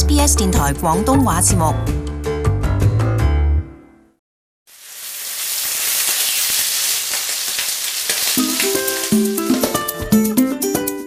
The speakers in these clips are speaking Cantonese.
SBS 電台廣東話節目，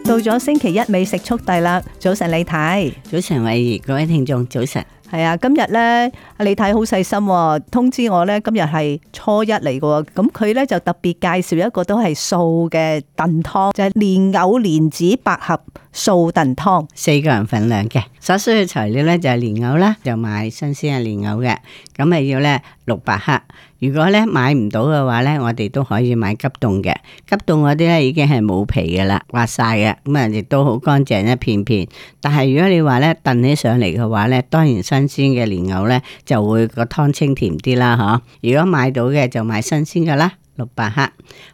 到咗星期一美食速遞啦！早晨李太，早晨惠儀，各位聽眾早晨。係啊，今日呢，李太好細心喎，通知我呢，今日係初一嚟噶。咁佢呢就特別介紹一個都係素嘅燉湯，就係蓮藕、蓮子、百合。素燉湯，四個人份量嘅，所需嘅材料呢，就係蓮藕啦，就買新鮮嘅蓮藕嘅，咁啊要呢六百克。如果呢買唔到嘅話呢，我哋都可以買急凍嘅，急凍嗰啲呢已經係冇皮嘅啦，刮晒嘅，咁啊亦都好乾淨一片片。但係如果你話呢燉起上嚟嘅話呢，當然新鮮嘅蓮藕呢就會個湯清甜啲啦，吓。如果買到嘅就買新鮮噶啦，六百克，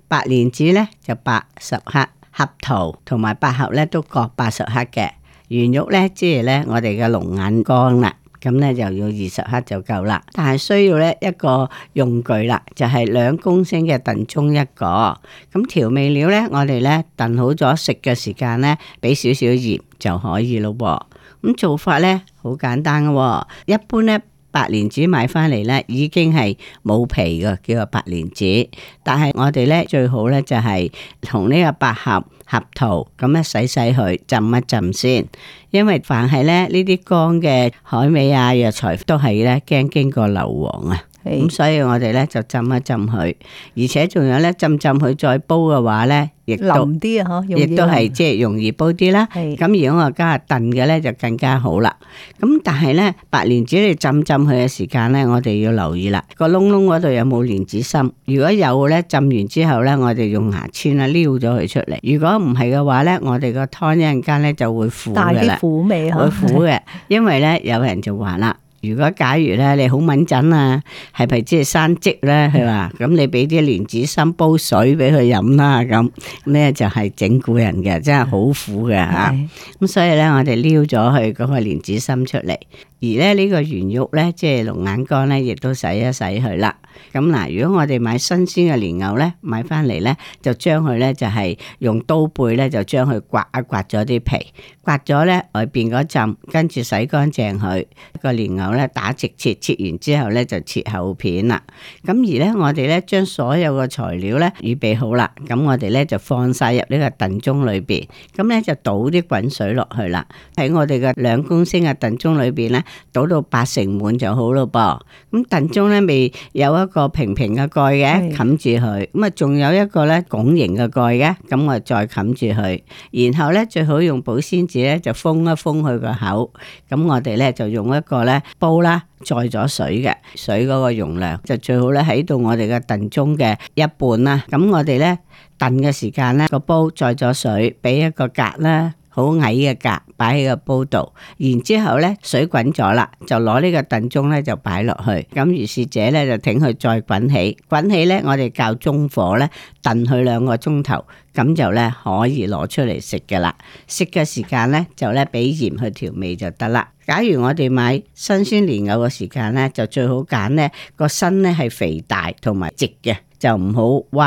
白蓮子呢，就八十克。合桃同埋百合咧都各八十克嘅，圓肉咧即係咧我哋嘅龍眼乾啦，咁咧就要二十克就夠啦。但係需要咧一個用具啦，就係、是、兩公升嘅燉盅一個。咁調味料咧，我哋咧燉好咗，食嘅時間咧俾少少鹽就可以咯。咁做法咧好簡單嘅、哦，一般咧。白蓮子買翻嚟咧，已經係冇皮嘅，叫做白蓮子。但係我哋咧最好咧就係同呢個百合、合桃咁一洗洗佢，浸一浸先。因為凡係咧呢啲乾嘅海味啊、藥材都係咧驚經過硫磺啊。咁所以我哋咧就浸一浸佢，而且仲有咧浸浸佢再煲嘅話咧，亦淋啲，亦都係即係容易煲啲啦。咁是如果我加下燉嘅咧就更加好啦。咁但係咧白蓮子你浸浸佢嘅時間咧，我哋要留意啦。個窿窿嗰度有冇蓮子心？如果有嘅咧，浸完之後咧，我哋用牙籤啊撩咗佢出嚟。如果唔係嘅話咧，我哋個湯一陣間咧就會苦嘅啦，苦味會苦嘅。 因為咧有人就話啦。如果假如咧你好敏感啊，係咪即係生積咧？係嘛，咁 你俾啲蓮子心煲水俾佢飲啦，咁咁就係整蠱人嘅，真係好苦嘅吓。咁所以咧，我哋撩咗佢嗰個蓮子心出嚟。而咧呢個圓肉咧，即係龍眼乾咧，亦都洗一洗佢啦。咁嗱，如果我哋買新鮮嘅蓮藕咧，買翻嚟咧，就將佢咧，就係用刀背咧，就將佢刮一刮咗啲皮，刮咗咧外邊嗰浸，跟住洗乾淨佢個蓮藕咧，打直切，切完之後咧就切厚片啦。咁而咧，我哋咧將所有嘅材料咧預備好啦，咁我哋咧就放晒入呢個燉盅裏邊，咁咧就倒啲滾水落去啦。喺我哋嘅兩公升嘅燉盅裏邊咧。倒到八成滿就好咯噃，咁燉盅咧未有一個平平嘅蓋嘅，冚住佢，咁啊仲有一個咧拱形嘅蓋嘅，咁我再冚住佢，然後咧最好用保鮮紙咧就封一封佢個口，咁我哋咧就用一個咧煲啦，載咗水嘅水嗰個容量就最好咧喺到我哋嘅燉盅嘅一半啦，咁我哋咧燉嘅時間咧個煲載咗水，俾一個格啦。好矮嘅格擺喺個煲度，然之後咧水滾咗啦，就攞呢個燉盅咧就擺落去，咁於是者咧就挺佢再滾起，滾起咧我哋較中火咧燉佢兩個鐘頭，咁就咧可以攞出嚟食㗎啦。食嘅時間咧就咧俾鹽去調味就得啦。假如我哋買新鮮蓮藕嘅時間咧，就最好揀咧個身咧係肥大同埋直嘅，就唔好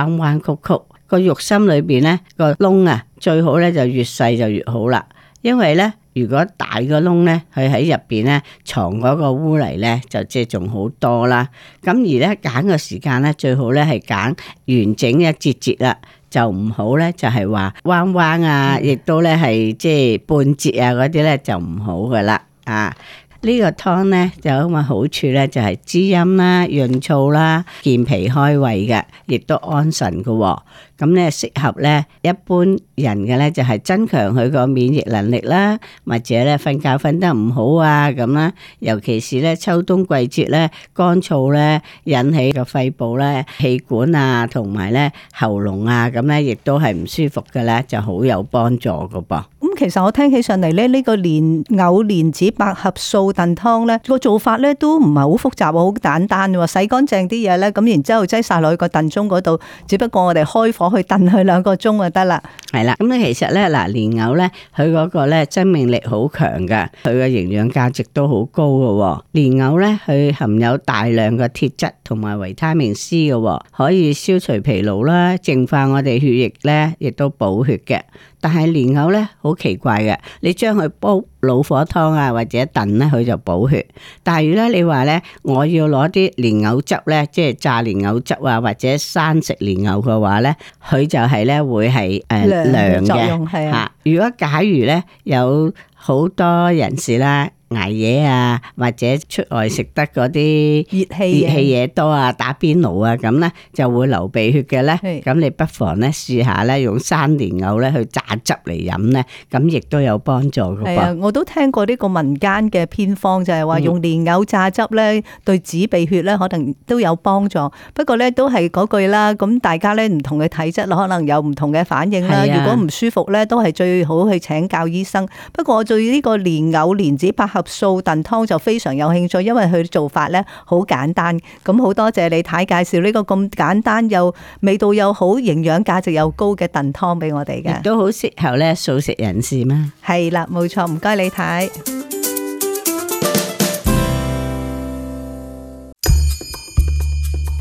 彎彎曲曲。個肉心裏邊咧個窿啊～最好咧就越細就越好啦，因為咧如果大個窿咧，佢喺入邊咧藏嗰個污泥咧就即係仲好多啦。咁而咧揀個時間咧最好咧係揀完整一節節啦，就唔好咧就係、是、話彎彎啊，亦、嗯、都咧係即係半截啊嗰啲咧就唔好噶啦啊。呢個湯咧就有咁嘅好處咧，就係滋陰啦、潤燥啦、健脾開胃嘅，亦都安神嘅。咁咧適合咧一般人嘅咧，就係增強佢個免疫能力啦，或者咧瞓覺瞓得唔好啊咁啦。尤其是咧秋冬季節咧乾燥咧引起個肺部咧氣管啊同埋咧喉嚨啊咁咧，亦都係唔舒服嘅咧，就好有幫助嘅噃。其實我聽起上嚟咧，呢個蓮藕蓮子百合素燉湯咧個做法咧都唔係好複雜，好簡單喎，洗乾淨啲嘢咧，咁然之後擠晒落去個燉盅嗰度，只不過我哋開火去燉佢兩個鐘就得啦。係啦，咁咧其實咧嗱，蓮藕咧佢嗰個咧生命力好強嘅，佢嘅營養價值都好高嘅。蓮藕咧佢含有大量嘅鐵質同埋維他命 C 嘅，可以消除疲勞啦，淨化我哋血液咧，亦都補血嘅。但係蓮藕咧，好奇怪嘅，你將佢煲老火湯啊，或者燉咧，佢就補血。但係如果你話咧，我要攞啲蓮藕汁咧，即係榨蓮藕汁啊，或者生食蓮藕嘅話咧，佢就係咧會係誒涼嘅吓。如果假如咧有好多人士啦。捱嘢啊，或者出外食得嗰啲熱氣熱氣嘢多啊，打邊爐啊咁咧，就會流鼻血嘅咧。咁是你不妨咧試下咧，用生蓮藕咧去榨汁嚟飲咧，咁亦都有幫助嘅、啊。我都聽過呢個民間嘅偏方，就係話用蓮藕榨汁咧，對止鼻血咧可能都有幫助。嗯、不過咧都係嗰句啦，咁大家咧唔同嘅體質可能有唔同嘅反應啦。啊、如果唔舒服咧，都係最好去請教醫生。不過我對呢個蓮藕蓮子百合素燉湯就非常有興趣，因為佢做法咧好簡單，咁好多謝李太介紹呢個咁簡單又味道又好、營養價值又高嘅燉湯俾我哋嘅，都好適合咧素食人士咩？係啦，冇錯，唔該李太。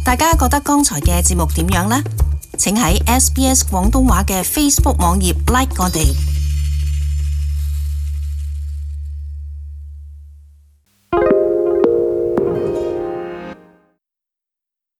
大家覺得剛才嘅節目點樣呢？請喺 SBS 廣東話嘅 Facebook 網頁 like 我哋。